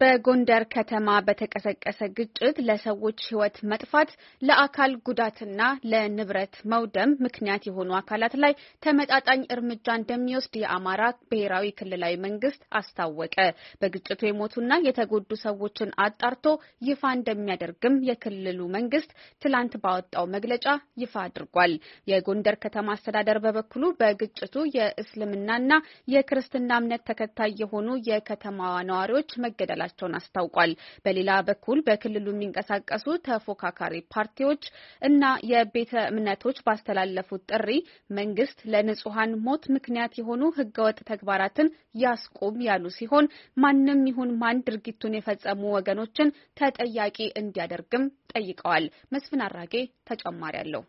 በጎንደር ከተማ በተቀሰቀሰ ግጭት ለሰዎች ሕይወት መጥፋት ለአካል ጉዳትና ለንብረት መውደም ምክንያት የሆኑ አካላት ላይ ተመጣጣኝ እርምጃ እንደሚወስድ የአማራ ብሔራዊ ክልላዊ መንግስት አስታወቀ። በግጭቱ የሞቱና የተጎዱ ሰዎችን አጣርቶ ይፋ እንደሚያደርግም የክልሉ መንግስት ትላንት ባወጣው መግለጫ ይፋ አድርጓል። የጎንደር ከተማ አስተዳደር በበኩሉ በግጭቱ የእስልምናና የክርስትና እምነት ተከታይ የሆኑ የከተማዋ ነዋሪዎች መገደል መቀበላቸውን አስታውቋል። በሌላ በኩል በክልሉ የሚንቀሳቀሱ ተፎካካሪ ፓርቲዎች እና የቤተ እምነቶች ባስተላለፉት ጥሪ መንግስት ለንጹሐን ሞት ምክንያት የሆኑ ህገወጥ ተግባራትን ያስቁም ያሉ ሲሆን ማንም ይሁን ማን ድርጊቱን የፈጸሙ ወገኖችን ተጠያቂ እንዲያደርግም ጠይቀዋል። መስፍን አራጌ ተጨማሪ አለው።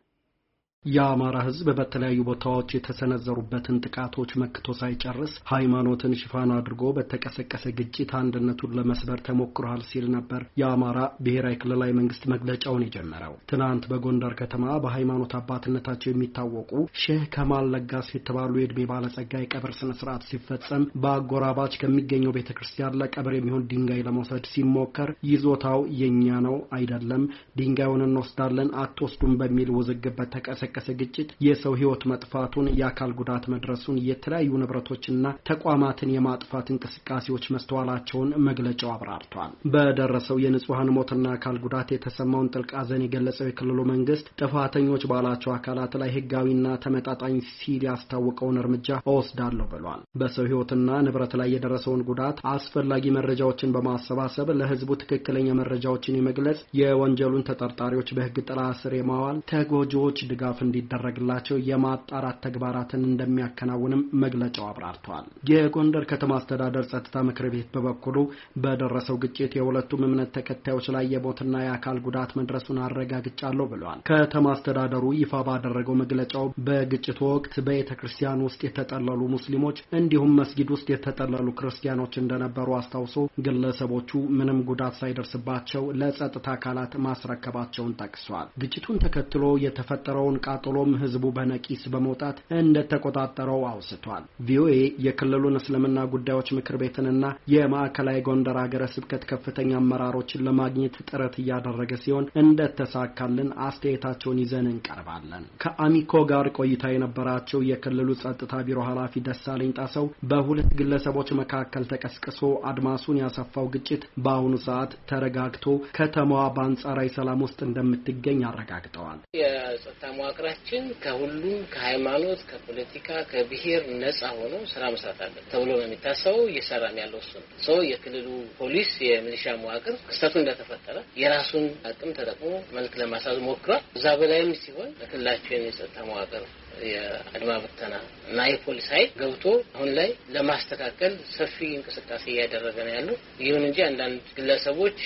የአማራ ህዝብ በተለያዩ ቦታዎች የተሰነዘሩበትን ጥቃቶች መክቶ ሳይጨርስ ሃይማኖትን ሽፋን አድርጎ በተቀሰቀሰ ግጭት አንድነቱን ለመስበር ተሞክሯል ሲል ነበር የአማራ ብሔራዊ ክልላዊ መንግስት መግለጫውን የጀመረው። ትናንት በጎንደር ከተማ በሃይማኖት አባትነታቸው የሚታወቁ ሼህ ከማል ለጋስ የተባሉ የእድሜ ባለጸጋ የቀብር ስነ ስርዓት ሲፈጸም በአጎራባች ከሚገኘው ቤተ ክርስቲያን ለቀብር የሚሆን ድንጋይ ለመውሰድ ሲሞከር ይዞታው የእኛ ነው አይደለም፣ ድንጋዩን እንወስዳለን አትወስዱም በሚል ውዝግብ በተቀሰ በተቀሰቀሰ ግጭት የሰው ህይወት መጥፋቱን፣ የአካል ጉዳት መድረሱን፣ የተለያዩ ንብረቶችና ተቋማትን የማጥፋት እንቅስቃሴዎች መስተዋላቸውን መግለጫው አብራርቷል። በደረሰው የንጹሐን ሞትና አካል ጉዳት የተሰማውን ጥልቅ ሐዘን የገለጸው የክልሉ መንግስት ጥፋተኞች ባላቸው አካላት ላይ ህጋዊና ተመጣጣኝ ሲል ያስታወቀውን እርምጃ እወስዳለሁ ብሏል። በሰው ህይወትና ንብረት ላይ የደረሰውን ጉዳት አስፈላጊ መረጃዎችን በማሰባሰብ ለህዝቡ ትክክለኛ መረጃዎችን የመግለጽ የወንጀሉን ተጠርጣሪዎች በህግ ጥላ ስር የማዋል ተጎጂዎች ድጋፍ እንዲደረግላቸው የማጣራት ተግባራትን እንደሚያከናውንም መግለጫው አብራርተዋል። የጎንደር ከተማ አስተዳደር ጸጥታ ምክር ቤት በበኩሉ በደረሰው ግጭት የሁለቱም እምነት ተከታዮች ላይ የሞትና የአካል ጉዳት መድረሱን አረጋግጫለሁ ብለዋል። ከተማ አስተዳደሩ ይፋ ባደረገው መግለጫው በግጭቱ ወቅት በቤተ ክርስቲያን ውስጥ የተጠለሉ ሙስሊሞች እንዲሁም መስጊድ ውስጥ የተጠለሉ ክርስቲያኖች እንደነበሩ አስታውሶ ግለሰቦቹ ምንም ጉዳት ሳይደርስባቸው ለጸጥታ አካላት ማስረከባቸውን ጠቅሷል። ግጭቱን ተከትሎ የተፈጠረውን ቃጠሎም ህዝቡ በነቂስ በመውጣት እንደተቆጣጠረው አውስቷል። ቪኦኤ የክልሉን እስልምና ጉዳዮች ምክር ቤትንና የማዕከላዊ ጎንደር ሀገረ ስብከት ከፍተኛ አመራሮችን ለማግኘት ጥረት እያደረገ ሲሆን እንደተሳካልን አስተያየታቸውን ይዘን እንቀርባለን። ከአሚኮ ጋር ቆይታ የነበራቸው የክልሉ ጸጥታ ቢሮ ኃላፊ ደሳለኝ ጣሰው በሁለት ግለሰቦች መካከል ተቀስቅሶ አድማሱን ያሰፋው ግጭት በአሁኑ ሰዓት ተረጋግቶ ከተማዋ በአንጻራዊ ሰላም ውስጥ እንደምትገኝ አረጋግጠዋል። የጸጥታ መዋቅር መዋቅራችን ከሁሉም ከሃይማኖት፣ ከፖለቲካ፣ ከብሄር ነጻ ሆኖ ስራ መስራት አለ። ተብሎ ነው የሚታሰበው። እየሰራን ያለው እሱ ነው። ሰው የክልሉ ፖሊስ፣ የሚሊሻ መዋቅር ክስተቱ እንደተፈጠረ የራሱን አቅም ተጠቅሞ መልክ ለማሳዝ ሞክሯል። እዛ በላይም ሲሆን ለክልላቸው የጸጥታ መዋቅር የአድማ ብተና እና የፖሊስ ኃይል ገብቶ አሁን ላይ ለማስተካከል ሰፊ እንቅስቃሴ እያደረገ ነው ያለው። ይሁን እንጂ አንዳንድ ግለሰቦች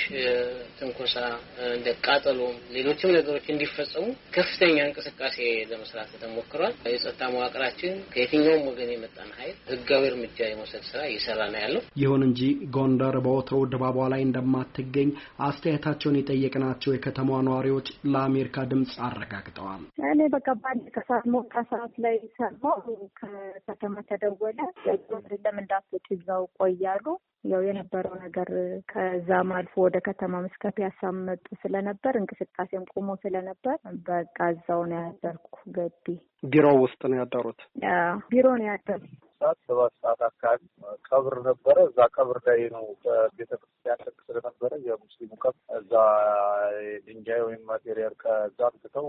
ትንኮሳ፣ እንደ ቃጠሎ፣ ሌሎችም ነገሮች እንዲፈጸሙ ከፍተኛ እንቅስቃሴ ለመስራት ተሞክሯል። የጸጥታ መዋቅራችን ከየትኛውም ወገን የመጣን ኃይል ህጋዊ እርምጃ የመውሰድ ስራ እየሰራ ነው ያለው። ይሁን እንጂ ጎንደር በወትሮ ድባቧ ላይ እንደማትገኝ አስተያየታቸውን የጠየቅናቸው የከተማ ነዋሪዎች ለአሜሪካ ድምጽ አረጋግጠዋል። እኔ በቀባ በአንድ ሰዓት ላይ ሰማሁ። ከከተማ ተደወለ ለምን እንዳትወጪ እዛው ቆያሉ። ያው የነበረው ነገር ከዛም አልፎ ወደ ከተማ እስከ ፒያሳ መጡ ስለነበር እንቅስቃሴም ቁሞ ስለነበር በቃ እዛው ነው ያደርኩ። ገቢ ቢሮ ውስጥ ነው ያደሩት? ቢሮ ነው ያደርኩ። ሰዓት ሰባት ሰዓት አካባቢ ቀብር ነበረ። እዛ ቀብር ላይ ነው ቤተ ክርስቲያን ልቅ ስለነበረ የሙስሊሙ ቀብር እዛ ድንጋይ ወይም ማቴሪያል ከዛ አምጥተው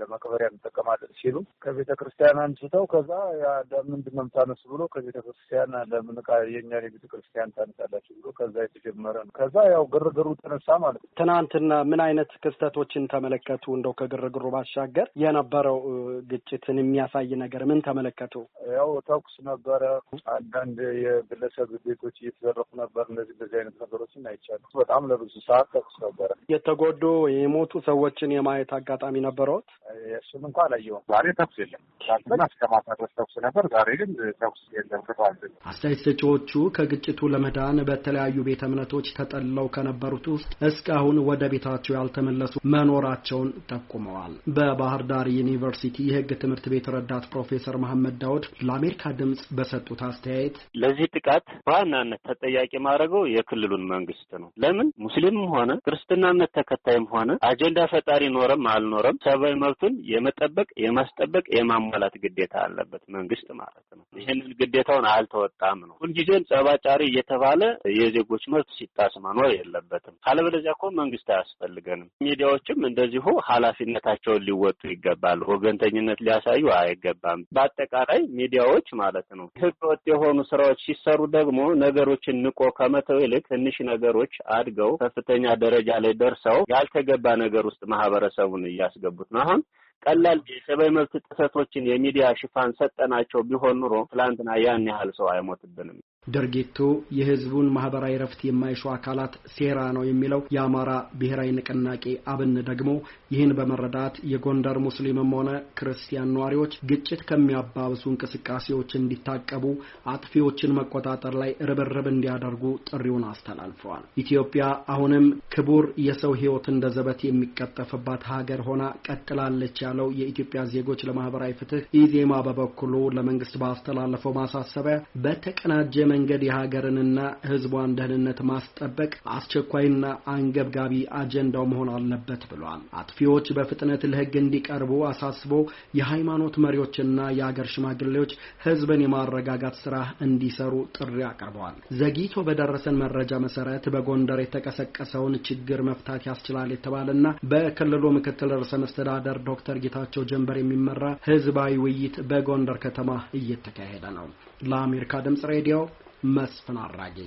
ለመቅበሪያ እንጠቀማለን ሲሉ ከቤተ ክርስቲያን አንስተው ከዛ ምንድን ነው የምታነሱ ብሎ ከቤተ ክርስቲያን ለምን ዕቃ የእኛን የቤተ ክርስቲያን ታነሳላችሁ ብሎ ከዛ የተጀመረ ነው። ከዛ ያው ግርግሩ ተነሳ ማለት ነው። ትናንትና ምን አይነት ክስተቶችን ተመለከቱ? እንደው ከግርግሩ ባሻገር የነበረው ግጭትን የሚያሳይ ነገር ምን ተመለከቱ? ያው ተኩስ ነበረ። አንዳንድ የግለሰብ ቤቶች እየተዘረፉ ነበር። እንደዚህ እንደዚህ አይነት ነገሮችን አይቻሉ። በጣም ለብዙ ሰዓት ተኩስ ነበረ። የተጎዱ የሞቱ ሰዎችን የማየት አጋጣሚ ነበረውት? እሱም እንኳ አላየውም። ዛሬ ተኩስ የለም። ትናንትና እስከ ማታ ድረስ ተኩስ ነበር። ዛሬ ግን ተኩስ የለም። አስተያየት ሰጪዎቹ ከግጭቱ ለመዳን በተለያዩ ቤተ እምነቶች ተጠልለው ከነበሩት ውስጥ እስካሁን ወደ ቤታቸው ያልተመለሱ መኖራቸውን ጠቁመዋል። በባህር ዳር ዩኒቨርሲቲ የህግ ትምህርት ቤት ረዳት ፕሮፌሰር መሐመድ ዳውድ ለአሜሪካ ድምጽ በሰጡት አስተያየት ለዚህ ጥቃት በዋናነት ተጠያቂ ማድረገው የክልሉን መንግስት ነው። ለምን ሙስሊምም ሆነ ክርስትና እምነት ተከታይም ሆነ አጀንዳ ፈጣሪ ኖረም አልኖረም ሰብአዊ መብት መብቱን የመጠበቅ የማስጠበቅ የማሟላት ግዴታ አለበት መንግስት ማለት ነው። ይህንን ግዴታውን አልተወጣም ነው። ሁልጊዜም ጸባጫሪ እየተባለ የዜጎች መብት ሲጣስ መኖር የለበትም። ካለበለዚያ እኮ መንግስት አያስፈልገንም። ሚዲያዎችም እንደዚሁ ኃላፊነታቸውን ሊወጡ ይገባል። ወገንተኝነት ሊያሳዩ አይገባም። በአጠቃላይ ሚዲያዎች ማለት ነው ህገወጥ የሆኑ ስራዎች ሲሰሩ ደግሞ ነገሮችን ንቆ ከመተው ይልቅ ትንሽ ነገሮች አድገው ከፍተኛ ደረጃ ላይ ደርሰው ያልተገባ ነገር ውስጥ ማህበረሰቡን እያስገቡት ነው። አሁን ቀላል የሰብአዊ መብት ጥሰቶችን የሚዲያ ሽፋን ሰጠናቸው ቢሆን ኑሮ ትላንትና ያን ያህል ሰው አይሞትብንም። ድርጊቱ የህዝቡን ማህበራዊ ረፍት የማይሹ አካላት ሴራ ነው የሚለው የአማራ ብሔራዊ ንቅናቄ አብን ደግሞ ይህን በመረዳት የጎንደር ሙስሊምም ሆነ ክርስቲያን ነዋሪዎች ግጭት ከሚያባብሱ እንቅስቃሴዎች እንዲታቀቡ፣ አጥፊዎችን መቆጣጠር ላይ ርብርብ እንዲያደርጉ ጥሪውን አስተላልፈዋል። ኢትዮጵያ አሁንም ክቡር የሰው ህይወት እንደ ዘበት የሚቀጠፍባት ሀገር ሆና ቀጥላለች ያለው የኢትዮጵያ ዜጎች ለማህበራዊ ፍትህ ኢዜማ በበኩሉ ለመንግስት ባስተላለፈው ማሳሰቢያ በተቀናጀ መንገድ የሀገርንና ሕዝቧን ደህንነት ማስጠበቅ አስቸኳይና አንገብጋቢ አጀንዳው መሆን አለበት ብሏል። አጥፊዎች በፍጥነት ለህግ እንዲቀርቡ አሳስቦ የሃይማኖት መሪዎችና የአገር ሽማግሌዎች ሕዝብን የማረጋጋት ስራ እንዲሰሩ ጥሪ አቅርበዋል። ዘግይቶ በደረሰን መረጃ መሰረት በጎንደር የተቀሰቀሰውን ችግር መፍታት ያስችላል የተባለና በክልሉ ምክትል ርዕሰ መስተዳደር ዶክተር ጌታቸው ጀንበር የሚመራ ህዝባዊ ውይይት በጎንደር ከተማ እየተካሄደ ነው። ለአሜሪካ ድምጽ ሬዲዮ መስፍን አራጌ